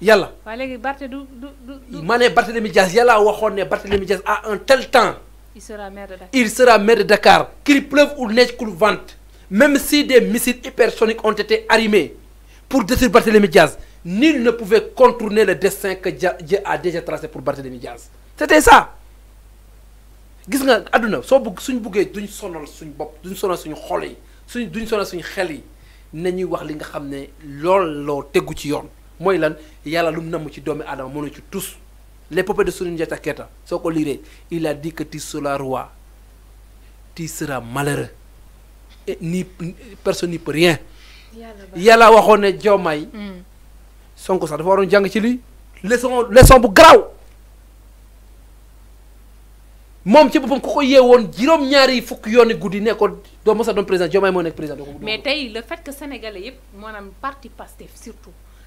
Yalla. waaw léegi Barthé du du du. ma ne Barthélemy Diaz, yàlla a dit Barthélemy Dias à un tel temps. il sera maire de Dakar il sera maire de Dakar. qu'il pleuve ou neige qu'il vente même si des missiles hypersoniques ont été arrimés pour détruire Barthélemy Diaz, nul ne pouvait contourner le destin que Dieu a déjà tracé pour Barthélemy Diaz. c'était ça. gis nga Aduna, soo bëgg suñ bëggee duñ sonal suñ bopp duñ sonal suñ xol yi suñ duñ sonal suñ xel yi nañuy wax li nga ne lool loo ci mooy lan yàlla lu mu ci doomi adam mënu ci tous l'épopée de Sundiata Keita keta soko lire il a dit que tu seras roi tu seras malheureux et ni personne n'y peut rien. yalla waxone ne hmm. Sonko sax dafa waroon jang ci li leçon leçon bu garaaw mom ci boppam ku ko yeewoon juróom-ñaari fuk yooni goudi ne ko do mos a donne président Diomaye moo nekk président. mais tay le fait que sénégalais yep monam parti Pastef surtout.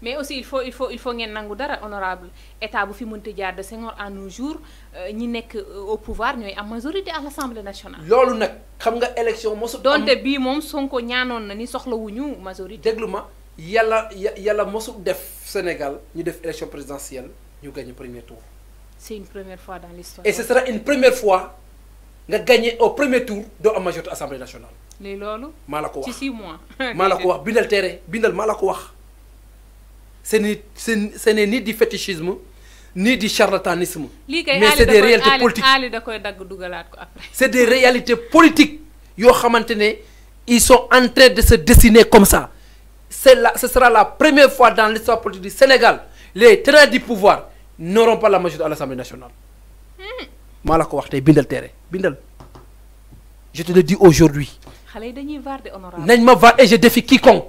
mais aussi il faut il faut il faut ngeen nangu dara honorable état bu fi mënta jaar de Senghor à nos jours euh, ñi nek euh, au pouvoir ñoy am majorité à l'Assemblée nationale. loolu nak xam nga élection su donte bi mom Sonko ñaanon na ni wuñu majorité. déglu yalla yalla mo su def Sénégal ñu def élection présidentielle ñu gagné premier tour. C'est une première fois dans l'histoire et ce sera une première fois nga gagner au premier tour do am majorité assemblée nationale. léegi loolu. maa wax ci 6 mois. malako wax bindal teere bindal malako wax ce n'est ni du fétichisme ni du charlatanisme. mais c'est des réalités politiques c'est des réalités politiques ils sont en train de se dessiner comme ça ce sera la première fois dans l'histoire politique du Sénégal les traits du pouvoir n'auront pas la majorité à l'Assemblée nationale. Hmm. je te le dis aujourd'hui et je défie quiconque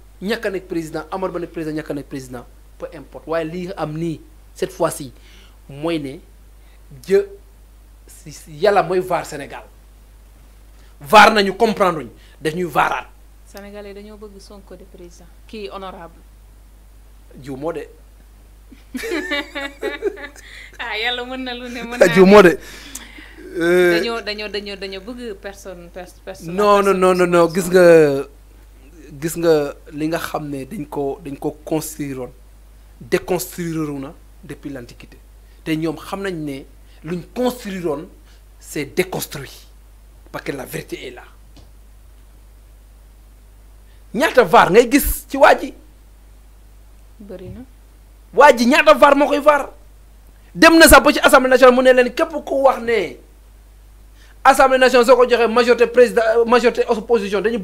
n'y président Amar Ba président président peu importe waaye lii am cette fois ci Dieu. Il y a la Sénégal vaar nañu comprendre ñu nous Sénégalais bëgg Sonko de président est honorable Dieu moo de. ah le mën na lu ah, de. Euh, personne personne. non non non non gis nga li nga xam dañ ko dañ ko construire déconstruire depuis l'antiquité te ñoom xam nañ luñ construire c'est déconstruit parce que la vérité est là ñaata ngay gis ci na ñaata dem na ci assemblée nationale mu képp wax assemblée nationale soo ko majorité majorité opposition dañu mi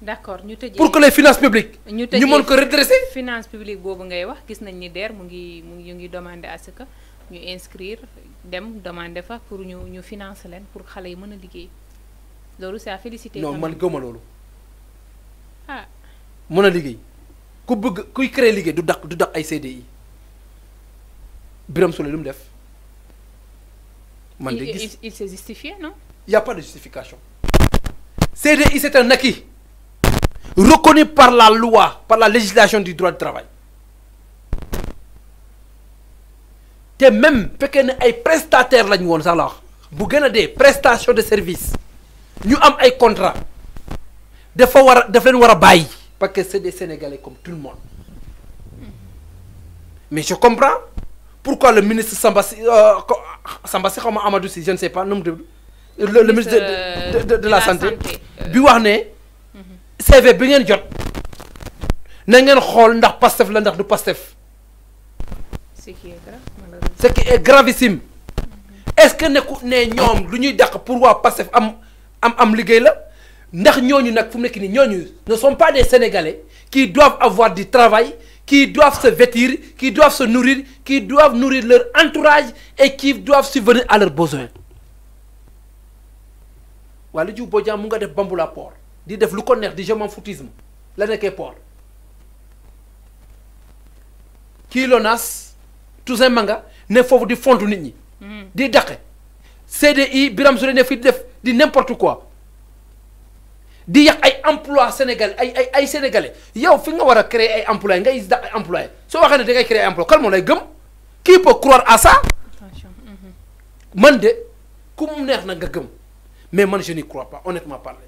d'accord ñu tëjee pour que les finances publiques. ñu tëjee ko redresser. Les finances publiques, ngay wax gis nañ ni DER mu ngi mu ngi ngi demander à ce que ñu inscrire dem demander fa pour ñu ñu financer leen pour que les mën puissent travailler... c'est à féliciter. non man gëmma loolu. ah. mën a liggéey ku bëgg kuy créer liggéey du daq du daq ay CDI Birame Souleye lu mu def. man il s'est justifié non. y a pas de justification. CDI c'est un acquis reconnu par la loi, par la législation du droit du travail. Et même fekkee a des prestataires si la a des de services, ñu am des contrats. dafa war a daf leen parce que c'est des sénégalais comme tout le monde mais je comprends pourquoi le ministre Samba euh, je ne sais pas le ministre de la santé euh. bi CV bi ngeen jot na ngeen xool ndax Pastef la ndax du Pastef. ce qui est grave ce qui est gravissime. est-ce que ne ku ne ñoom lu ñuy dàq pour waa Pastef am am am liggéey la ndax ñooñu nag fu mu nekk ne sont pas des Sénégalais qui doivent avoir du travail qui doivent se vêtir qui doivent se nourrir qui doivent nourrir leur entourage et qui doivent subvenir à leurs besoins. waa lu jiw boo jàmm mu nga def la port di def lu ko neex di je m'en foutisme la nekkee port kii Lonaas Toussaint Manga ne foofu di fontu nit ñi. Hmm. di daqe CDI Biram Souleye ne fi def di n'importe quoi di yàq ay emploi sénégal ay ay ay sénégalais yow fi nga wara créer ay emploi ngay daq ay emploi so waxé da dangay créer emploi emplois kan lay gëm qui peut croire à ça. Mhm. man de ku mu neex na nga gëm mais man je n'y crois pas honnêtement parlé.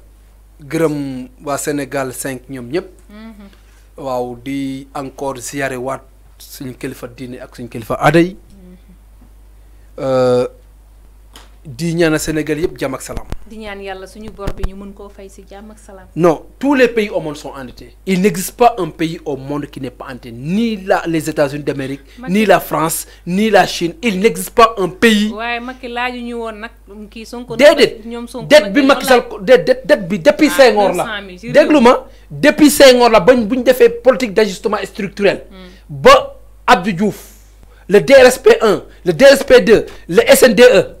gërëm waa Sénégal 5 ñoom ñëpp. Mhm. waaw di encore ziyaare suñu kilifa diine ak suñu kilifa aada di ñaanal Sénégal yëpp diam ak salam di ñaan yàlla suñu bor bi ñu mën ko fay ci diam ak salam non tous les pays au monde sont endettés. il n'existe pas un pays au monde qui n'est pas endetté ni la les États-Unis d'Amérique. ni la France ni la Chine il n'existe pas un pays. waaye Macky laaju ñu woon nag kii Sonko. déedéet dette bi Macky Sall dette dette bi depuis 5 ans là ma depuis ans là bañ buñ défé politique d'ajustement structurel. Hmm. ba Abdou Diouf. le DRSP 1 le DRSP 2 le SNDE.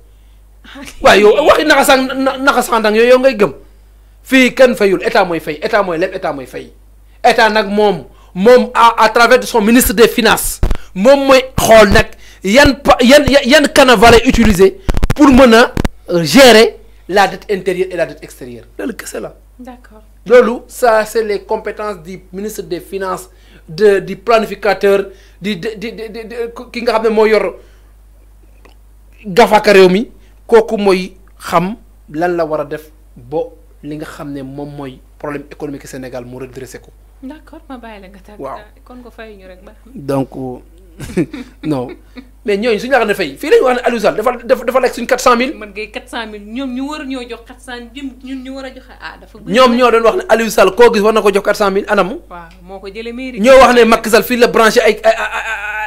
waaw yo, waxi naxasaan naxasaandang yo yow ngay gëm fii kenn fayul état mooy fay état mooy leb état moy fay état nag mom mom a à travers de son ministre des finances mom moy xool nag yan pa yan yan canava lay utiliser pour mën gérer la dette intérieure et la dette extérieure Le loolu c'est là. d'accord loolu ça c'est les compétences du ministre des finances de du planificateur di di di di ki nga xam ne moo yor gafaka réew kooku mooy xam lan la war a def ba li nga xam ne moom mooy problème économique Sénégal mu redressé ko. d'accord ma bàyyi la nga ñu rek ba. donc non mais ñooñu suñu wax ne fay fii la ñu wax ne Aliou Sall dafa dafa dafa lekk a joxe ah, gis war na ko jox 400000 ñoo wax ne Macky Sall fii la branché ay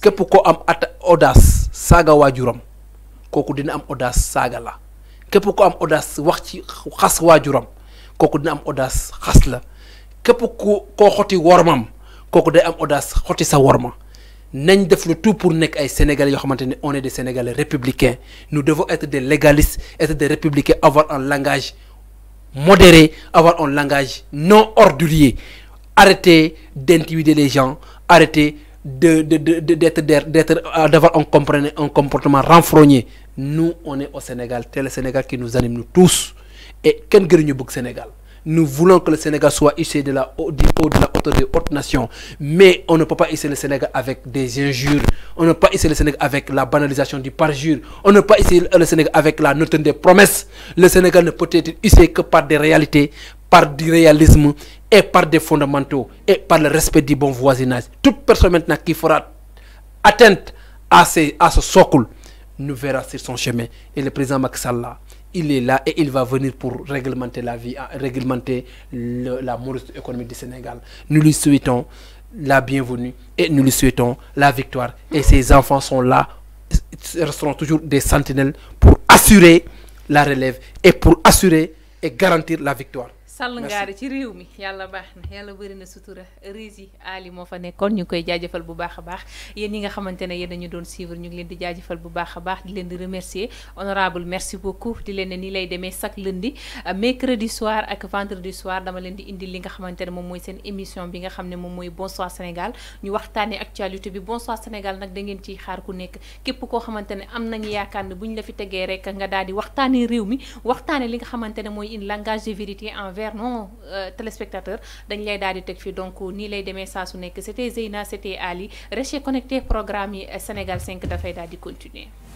Que pour am at audace saga wajuram kooku dina am audace saga la képp ko am audace wax ci khas wajuram kooku dina am audace khas la Que pour ko xoti wormam kooku day am audace xoti sa worma nagn def le tout pour nek ay sénégalais yo xamanteni on est des sénégalais républicains nous devons être des légalistes être des républicains avoir un langage modéré avoir un langage non ordurier arrêter d'intimider les gens arrêter de, de, de, d'être, d'être, euh, d'avoir un, un comportement renfrogné. Nous, on est au Sénégal. C'est le Sénégal qui nous anime, nous tous. Et quel gagne le Sénégal Nous voulons que le Sénégal soit issu de la haute, de la haute, de haute nation. Mais on ne peut pas ici le Sénégal avec des injures. On ne peut pas ici le Sénégal avec la banalisation du parjure. On ne peut pas ici le Sénégal avec la note des promesses. Le Sénégal ne peut être issu que par des réalités, par du réalisme et par des fondamentaux et par le respect du bon voisinage. Toute personne maintenant qui fera atteinte à, à ce socle nous verra sur son chemin. Et le président Macky Sall, il est là et il va venir pour réglementer la vie, réglementer la mauvaise économique du Sénégal. Nous lui souhaitons la bienvenue et nous lui souhaitons la victoire. Et ses enfants sont là, ils resteront toujours des sentinelles pour assurer la relève et pour assurer et garantir la victoire. sàll ngaari ci réew moo fa nekkoon ñu koy jaajëfal bu baax a baax yéen ñi nga xamante ne yéen ñu doon suivre ñu leen di jaajëfal bu baax a baax di leen di remercier honorable merci beaucoup di leen ne lay demee chaque lundi euh, mercredi soir ak vendredi soir dama leen di indi li nga xamante ne moom mooy seen émission bi nga xam ne moom mooy bonsoir Sénégal ñu waxtaanee actualité bi bonsoir Sénégal nag da ngeen xaar ku nekk képp koo xamante ne am nañu yaakaar chers non euh, téléspectateurs dañ lay daal di teg fii donc nii lay demee saa su nekk c'était Zeyna c'était Ali restez connectés programme yi Sénégal 5 dafay daal di continuer